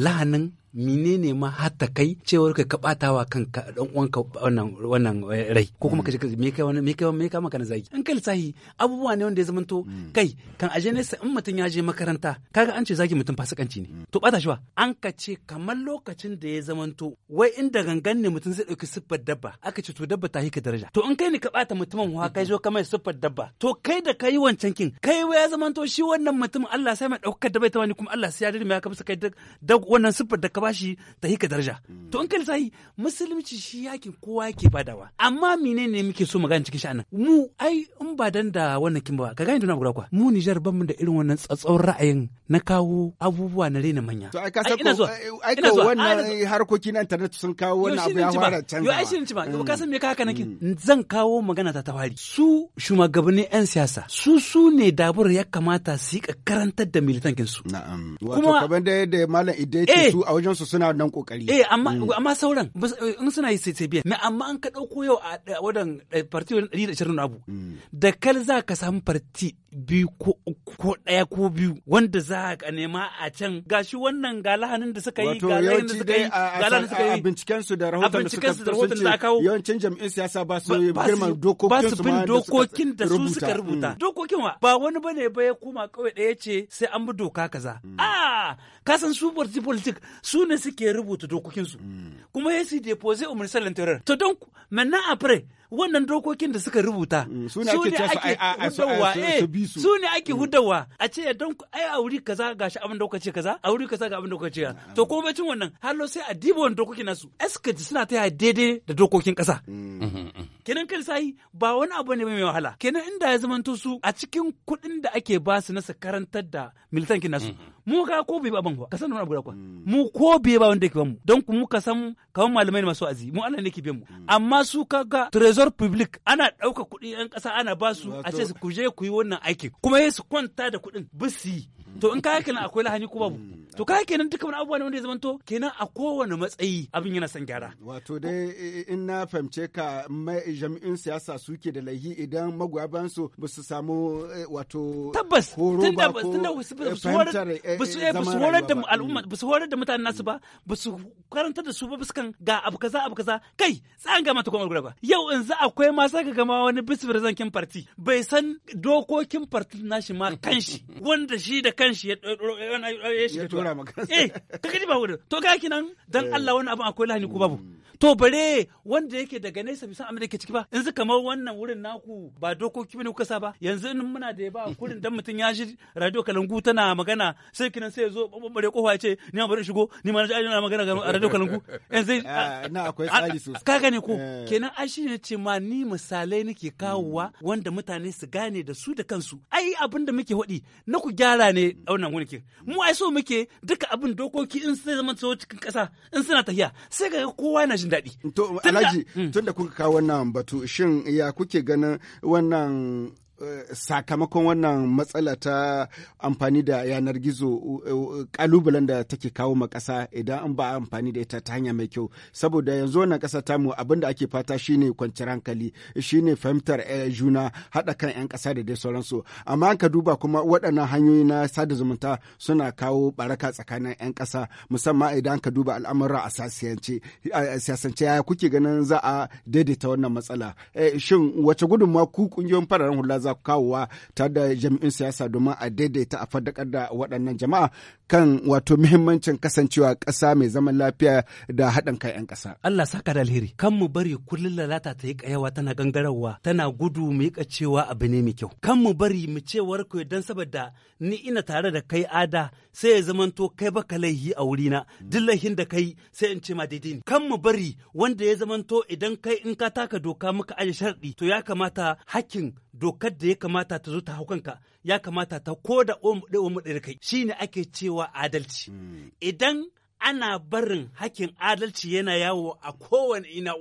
lahanin mine ne ma har ta kai cewar ka bata wa kanka dan uwanka wannan wannan eh, rai ko kuma mm. ka me kai wani me kai me kai maka na zagi an kai lissahi abubuwa ne wanda ya zamanto mm. kai kan aje ne in mutum ya je makaranta kaga an ce zagi mutum fasikanci ne mm. to bata shi ba an ka ce kamar lokacin da ya zamanto wai inda gangan ne mutum zai dauki siffar dabba aka ce to dabba ta yi ka daraja to in kai ne ka bata mutumin wa kai zo kamar siffar dabba to kai da kai wancan kin kai ya zamanto shi wannan mutum Allah sai mai daukar dabba ta wani kuma Allah sai ya dirima ya kamsa kai da wannan siffar da ka bashi ta hika daraja mm. to in kai sai musulunci shi yakin kowa yake badawa amma menene muke so magana cikin sha'anin mu ai in ba dan da wannan kin ba ka gani tunan gura kwa mu Nijar ban mu da irin wannan tsatsauran ra'ayin na kawo abubuwa na rena manya to ai ka san ai ka wannan harkoki na internet sun kawo wannan abu ya fara canza yo ai shirin ci ba ka san me ka haka nake mm. zan kawo magana ta tawari su shugabannin yan siyasa su su ne dabur ya kamata su yi karantar da militankin su na'am wato kamar da yadda malam idai ce eh! su a wajen cikin su suna nan kokari eh amma mm. amma sauran eh, in suna yi sai biyan. biya amma an ka dauko yau a wadan eh, parti 120 abu mm. da kal za ka samu parti biyu ko ko daya ko biyu wanda za ka nema a can gashi wannan ga lahanin da suka yi ga lahanin da suka yi ga lahanin da suka yi binciken su da rahoton da suka rahoton da kawo yawancin jami'in siyasa ba su girma dokokin su ma dokokin da su suka rubuta mm. dokokin wa ba wani bane ba ya koma kawai daya ce sai an bi doka kaza a ah, kasan su party politik su ne suke rubuta dokokinsu mm. kuma ya su depose au ministère l'intérieur to donc maintenant après wannan dokokin da suka rubuta su ne ake mm. hudawa su ne ake hudawa a ce don ai a wuri kaza gashi abin da ce kaza a wuri kaza ga abin da ce mm. to ko bacin wannan hallo sai a diba wannan dokokin nasu eska suna ta daidai da dokokin kasa mm. mm-hmm, mm-hmm. kenan kan sai ba wani abu ne mai wahala kenan inda ya zamanto su a cikin kuɗin da ake ba su na sakarantar karantar da militankin nasu mm-hmm. mu ka ko bai ba ban ka san mun abu da kwa mu ko bai ba wanda ke ba mu don mu kasan kaman malamai masu azi mu Allah ne ke bi mu amma su kaga trezor trésor public ana ɗauka kuɗi 'yan ƙasa ana ba su a ce su kuje ku yi wannan aikin kuma yi su kwanta da kuɗin ba yi to in kaya kenan akwai lahani ko babu to kaya kenan duka wani abubuwa ne wanda ya zamanto kenan a kowane matsayi abin yana son gyara wato dai in na fahimce ka jami'in siyasa suke da laihi idan magoya su ba su samu e, wato tabbas tunda ba su e, horar da al'umma ba su horar da mutanen nasu ba ba su karanta da su ba biskan ga abu kaza abu kaza kai tsan ga mata kuma ba yau in za akwai ma saka ka gama wani bisbir zankin farti bai san dokokin farti nashi ma kanshi wanda shi da kanshi ya ya shiga tura eh ka gidi ba wurin to ga kinan dan Allah wani abu akwai lahani ko babu to bare wanda yake daga nesa bisan abin da ke ciki ba yanzu kamar wannan wurin naku ba dokoki bane kuka sa ba yanzu in muna da ba kurin dan mutum ya ji radio kalangu tana magana sai kinan sai ya zo bambare kofa ce ni ma bari shigo ni ma na ji magana ga radio kalangu yanzu ah, na akwai ah, tsari sosai ka gane ko eh. kenan ai shine ce ma ni misalai nake kawowa mm. wanda mutane su gane da su da kansu ai abin da muke hodi na ku gyara ne wannan gunki mu ai so muke duka abin dokoki in sai zama cikin kasa in suna tafiya sai ga kowa yana jin daɗi. To Alhaji mm. tunda kuka kawo wannan batu shin ya kuke ganin wannan Eh, sakamakon wannan matsala ta amfani da yanar gizo eh, eh, kalubalen da take kawo ma ƙasa idan an ba amfani da ita ta hanya mai kyau saboda yanzu wannan ƙasa mu abin da ake fata shine kwanciyar hankali shine fahimtar juna haɗa kan 'yan ƙasa da dai sauransu amma an ka duba kuma waɗannan hanyoyi na sada zumunta suna kawo baraka tsakanin 'yan ƙasa musamman idan ka duba al'amura a siyasance ya kuke ganin za a daidaita wannan matsala shin wace gudunmawa ku ƙungiyoyin fararen hula za za ku kawowa tare da jami'in siyasa domin a daidaita a faɗakar da waɗannan jama'a kan wato muhimmancin kasancewa ƙasa mai zaman lafiya da haɗin kai 'yan ƙasa. Allah saka da alheri. Kan mu bari kullum lalata ta yi ƙayawa tana gangarawa tana gudu mu yi cewa abu ne mai kyau. Kan mu bari mu cewar ku don saboda ni ina tare da kai ada sai ya zamanto kai baka laihi a wurina duk laihin da kai sai in ce ma daidai ne. Kan mu bari wanda ya zamanto idan kai in ka taka doka muka aje sharɗi to ya kamata hakkin dokar da ya kamata ta zo ta hau kanka ya kamata ta ko da omu ɗaya omu ɗaya kai shine ake cewa adalci hmm. idan ana barin hakin adalci yana yawo a kowane ina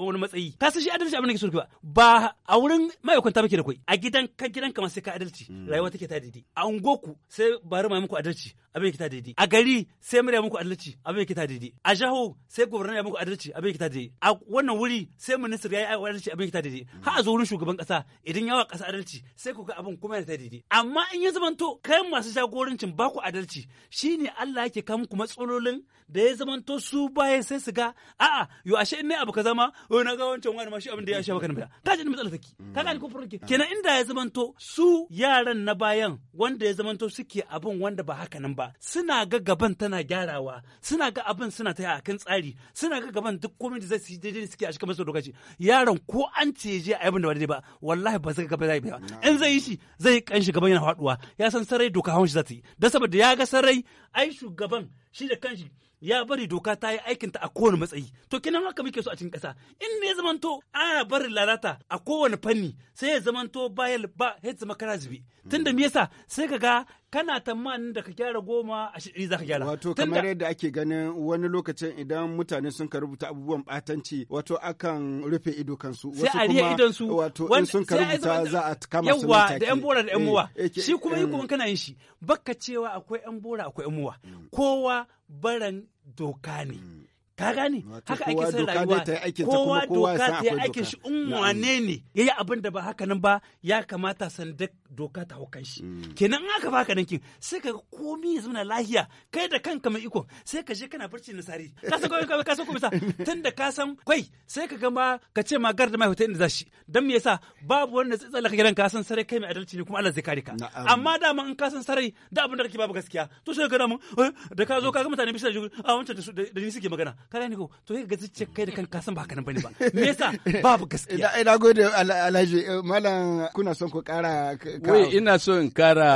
wani matsayi ka san shi adalci abin da ke so ba ba a wurin kwanta muke da kai a gidan ka gidan kamar sai ka adalci hmm. rayuwa take ta daidai a ungoku sai bari ma muku adalci abin yake ta daidai a gari sai murya muku adalci abin yake ta daidai a jaho sai gwamnati ya muku adalci abin yake ta daidai a wannan wuri sai minister ya yi adalci abin yake ta daidai hmm. har a zo wurin shugaban kasa idan yawa kasa adalci sai ku ga abin kuma yana ta daidai amma in ya zamanto kai masu jagorancin ba ku adalci shine Allah yake kawo muku matsalolin Israel da ya to su baya sai su ga a'a yo ashe in ne abu ka zama o oh, na ga wancan wani ma shi abin da ya shafa kan na ka ji matsalar take ka ga ko furuke mm. kenan inda ya to su yaran na bayan wanda ya to suke abin wanda ba haka nan ba suna ga gaban tana gyarawa suna ga abin suna ta akan tsari suna ga gaban duk komai da zai su ne suke a cikin masa lokaci yaron ko an ce je a abin da ba daidai ba wallahi ba zai gaba zai ba in zai yi shi zai kanshi gaban yana faduwa ya san sarai doka hawan shi za ta yi da saboda ya ga sarai ai shugaban shi da kanshi ya bari doka ta yi aikinta a kowane matsayi to kinan haka muke so a cikin ƙasa in ne zamanto a barin lalata a kowane fanni sai ya zamanto bayan ba ya zama kana zubi tunda me yasa sai ka ga kana tamanin da ka gyara goma a shiri za ka gyara. Wato kamar yadda ake ganin wani lokacin idan mutane sun ka rubuta abubuwan batanci wato akan rufe ido kansu. Sai a riya idon su. Wato in sun ka rubuta za a kama su yawa da yan bora da yan muwa. Eh, shi kuma yi mm. kuma kana yin shi. Bakka cewa akwai yan bora akwai yan muwa. Kowa baran doka ne mm. ka gane haka ake son rayuwa kowa doka ta yi aikin shi in wane ne yi abin da ba haka nan ba ya kamata san duk doka ta hau kanshi mm. kenan in aka baka nan kin sai ka komi ya zama lahiya kai da kanka mai iko sai ka je kana barci nasari ka san kawai ka san kuma da ka san kai sai ka gama ka ce ma gar da mai hotel da shi. dan me yasa babu wanda zai tsallaka gidan ka san sarai kai mai adalci ne kuma Allah zai kare ka amma dama in ka san sarai da abin da kake babu gaskiya to sai ka gama eh, da ka zo ka ga mutane bisa a wancan da ni suke magana ka ne ko to sai ka zuciya kai da ka san ba haka nan bane ba me yasa babu gaskiya ina gode alhaji eh, malam kuna son ku kara kai ina so in kara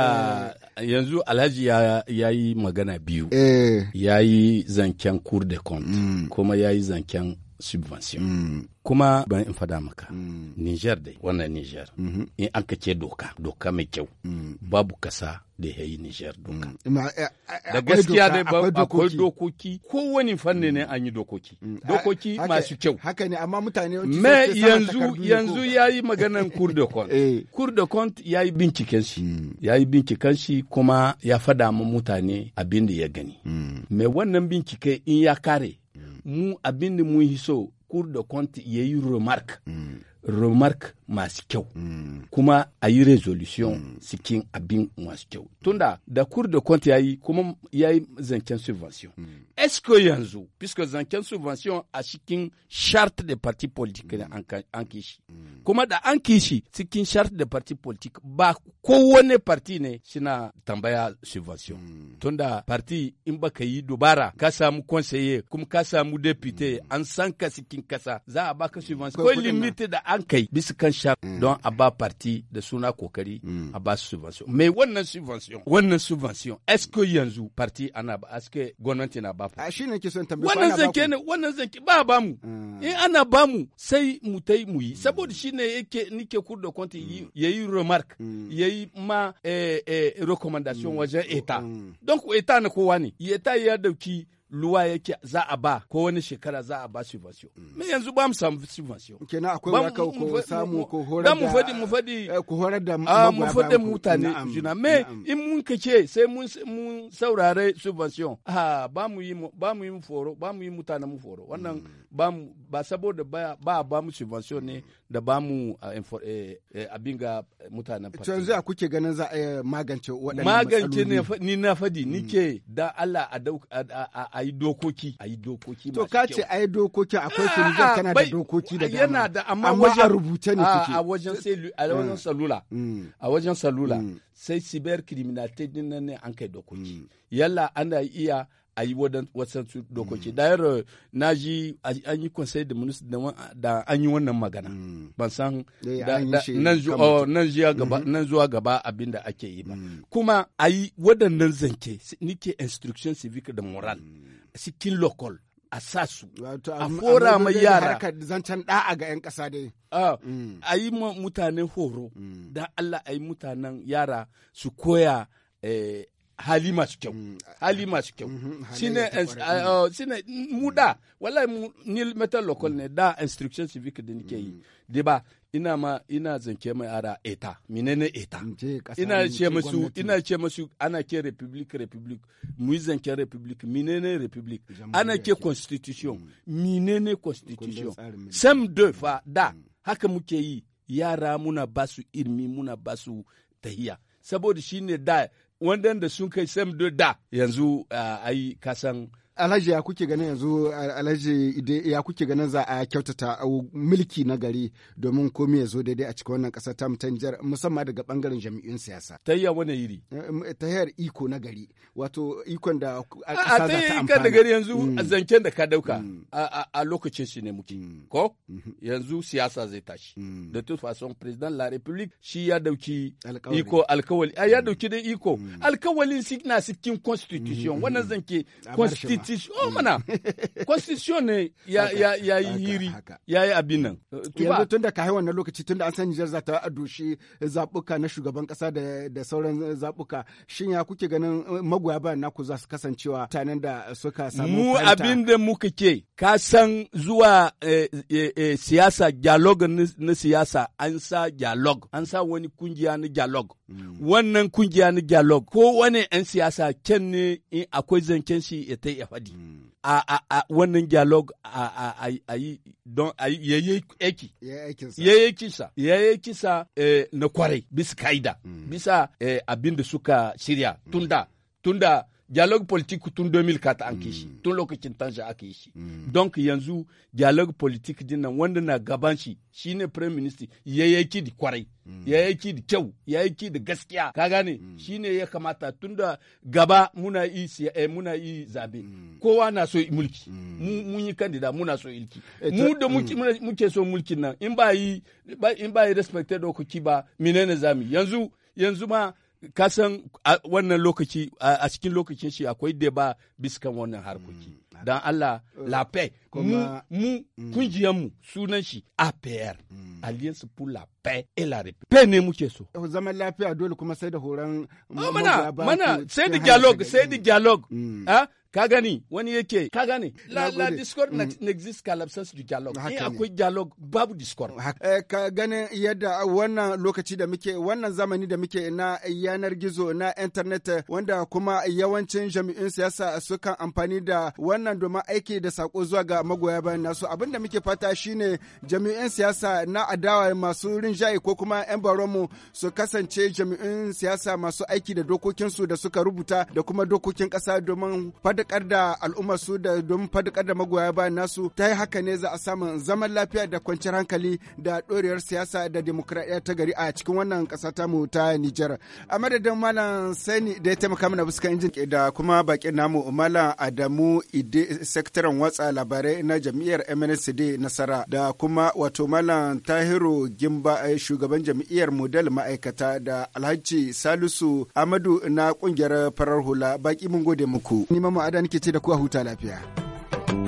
yanzu alhaji ya yi magana biyu eh. ya yi zanken cour de compte mm. kuma ya yi subvention mm. kuma ban in fada maka mm. Niger dai wannan Niger mm -hmm. in an ce doka doka mai kyau mm. babu kasa da ya yi Niger doka mm. eh, eh, da gaskiya dai akwai dokoki kowane fanni ne an yi dokoki mm. dokoki masu kyau haka ne amma mutane me yanzu yanzu yayi maganan cour de compte eh. cour de compte yayi binciken shi mm. yayi binciken shi kuma ya fada ma mutane abin da ya gani me wannan bincike in ya kare mu abin da mun so kur da compte ya yi remark mm. remark masu kyau mm. kuma a yi resolution mm. cikin abin masu kyau mm. tunda da kur da kwanta ya yi kuma ya yi zancen subvention mm. esko yanzu puisque zancen subvention a cikin charte de parti politique mm. an kishi kuma da an kishi cikin charte de parti politique ba kowane parti ne suna tambaya subvention tunda parti in baka yi dubara ka samu conseiller kuma ka samu député an san ka cikin kasa za a baka subvention ko limite da an kai bisa kan sha mm. don a ba parti da suna kokari mm. a ba su subvention me wannan subvention wannan subvention est ce que yanzu parti ana ba est gwamnati na ba a shine ke son tambaya wannan zanke ne wannan zanke ba ba mu mm. in ana ba mu sai mu tai mu yi saboda ne yake nike kur da konti yayi remark yayi ma eh, eh, recommendation wajen eta donc eta na kowa ne eta ya dauki ruwa yake za a ba ko wani shekara za a ba subvention mm. me yanzu ba mu samu subvention kenan akwai wa ka ko samu ko horar da ah, mu fadi mu fadi ko horar da mu fadi mutane juna me in mun kace sai mun mun saurare subvention ha ah, ba mu yi ba mu yi foro ba mu yi mutane mu foro wannan mm. ba mu ba saboda ba ba mu subvention ne mm. da ba mu ah, eh, eh, abin mutanen fadi yanzu a kuke ganin za a magance waɗannan magance ne ni na fadi nike da Allah a a yi dokoki a yi dokoki to ka ce a yi dokoki akwai su Nijar tana da dokoki da yana da amma wajen rubuce ne ah, kuke a wajen sai mm. Mm. a wajen salula a wajen salula sai cyber criminality din nan ne an kai dokoki mm. yalla ana iya a yi waɗansu mm. dokoki yaro na ji an yi conseil de ministre da an yi wannan magana mm. ban san nan zuwa gaba abin da ake yi ba mm. kuma a yi waɗannan zanke nike instruction civic da moral cikin local a sa su a fora mai yara harkar zancen da'a ga 'yan ƙasa dai ah, a yi mutane horo da allah a yi mutanen yara su koya eh, hali masu kyau mm, hali masu kyau mm-hmm, shine eh, oh, shine mu da wallahi mu ni metal local ne da instruction civic da nake yi mm. de ba ina ma ina zance mai ara eta menene eta ina ce musu ina ce musu ana ke republic republic mu yi zance republic menene republic ana ke constitution mm. menene constitution sem deux fa da haka muke yi yara muna basu irmi muna basu tahiya saboda shine da wanda sun kai sam da yanzu yi kasan alhaji ya kuke ganin yanzu alhaji ya kuke ganin za a kyautata milki na gari domin komi ya zo daidai a cikin wannan kasar tamu ta Nijar musamman daga bangaren jami'in siyasa. Tayya wani iri? yar iko na gari wato ikon da a ƙasa za ta amfana. da gari yanzu mm. zancen da ka dauka mm. a lokacin shi ne muke. Mm. Ko mm-hmm. yanzu siyasa zai tashi. Da toute fason president la republique shi ya dauki iko alkawali ah, ya dauki dai iko alkawalin na cikin constitution mm-hmm. wannan zanke constitution constitution oh mm. mana constitution ne ya ya ya yiri ya yi abin nan uh, yanzu tun da kai wannan lokaci tun da an san Niger za ta adoshi zabuka na shugaban kasa da da sauran zabuka shin ya kuke ganin uh, magoya na ku za su kasancewa tanan da suka samu mu abin da muka ke ka san zuwa eh, eh, eh, siyasa dialogue na siyasa an sa dialogue an sa wani kungiya na dialogue mm. wannan kungiya na dialogue ko wani 'yan siyasa ken ne in akwai zancen shi ya ta faɗi hmm. a wannan dialogue a yi don a yi aiki ya aiki kisa ya yi kisa eh, na kwarai bisa ka'ida hmm. bisa eh, abin da suka shirya hmm. tunda tunda dialogue politique tun 2004 an kishi mm. tun lokacin tanja aka yi shi mm. donc yanzu dialogue politique din nan wanda na gaban shi shine prime minister ki da kwarai mm. ki da kyau ki da gaskiya ka gane mm. shine ya kamata tunda gaba muna yi siya eh, muna yi zabe mm. kowa na so mulki mm. mun yi kandida muna so ilki eh, mu da mm. muke so mulki nan in ba yi in ba yi respected dokoki ba menene zamu yanzu yanzu ma ka san wannan lokaci a cikin lokacin shi akwai da ba biskan wannan harkoki mm, don Allah eh, la paix mu mu mm. kungiyar mu sunan shi APR mm. Alliance pour la paix et la paix ne muke so eh, zaman lafiya dole kuma sai da horon ah, mana mana sai da dialogue sai da dialogue ka gani wani yake ka gani la, la discord mm. n'existe ka l'absence du dialogue in eh, akwai dialogue babu discord eh, ka gani yadda wannan lokaci da muke wannan zamani da muke na yanar gizo na internet wanda kuma yawancin jami'in siyasa sukan amfani da wannan domin aiki da sako zuwa ga magoya bayan nasu abin da muke fata shine jami'in siyasa na adawa masu rinjaye ko kuma yan baronmu su kasance jami'in siyasa masu aiki da dokokinsu da suka rubuta da kuma dokokin kasa domin fada fadakar da al'ummar su da don fadakar da magoya bayan nasu ta yi haka ne za a samu zaman lafiya da kwanciyar hankali da ɗorewar siyasa da demokradiyya ta gari a cikin wannan ƙasa ta mu ta Nijar. A madadin Malam Sani da ya taimaka mana fuskan injin da kuma bakin namu Malam Adamu Ide sektaran watsa labarai na jam'iyyar MNSD Nasara da kuma wato Malam Tahiru Gimba eh, shugaban jam'iyyar Model Ma'aikata da Alhaji Salisu Amadu na kungiyar farar hula baki mun gode muku. Ni sa'ada nake ce da ku a huta lafiya.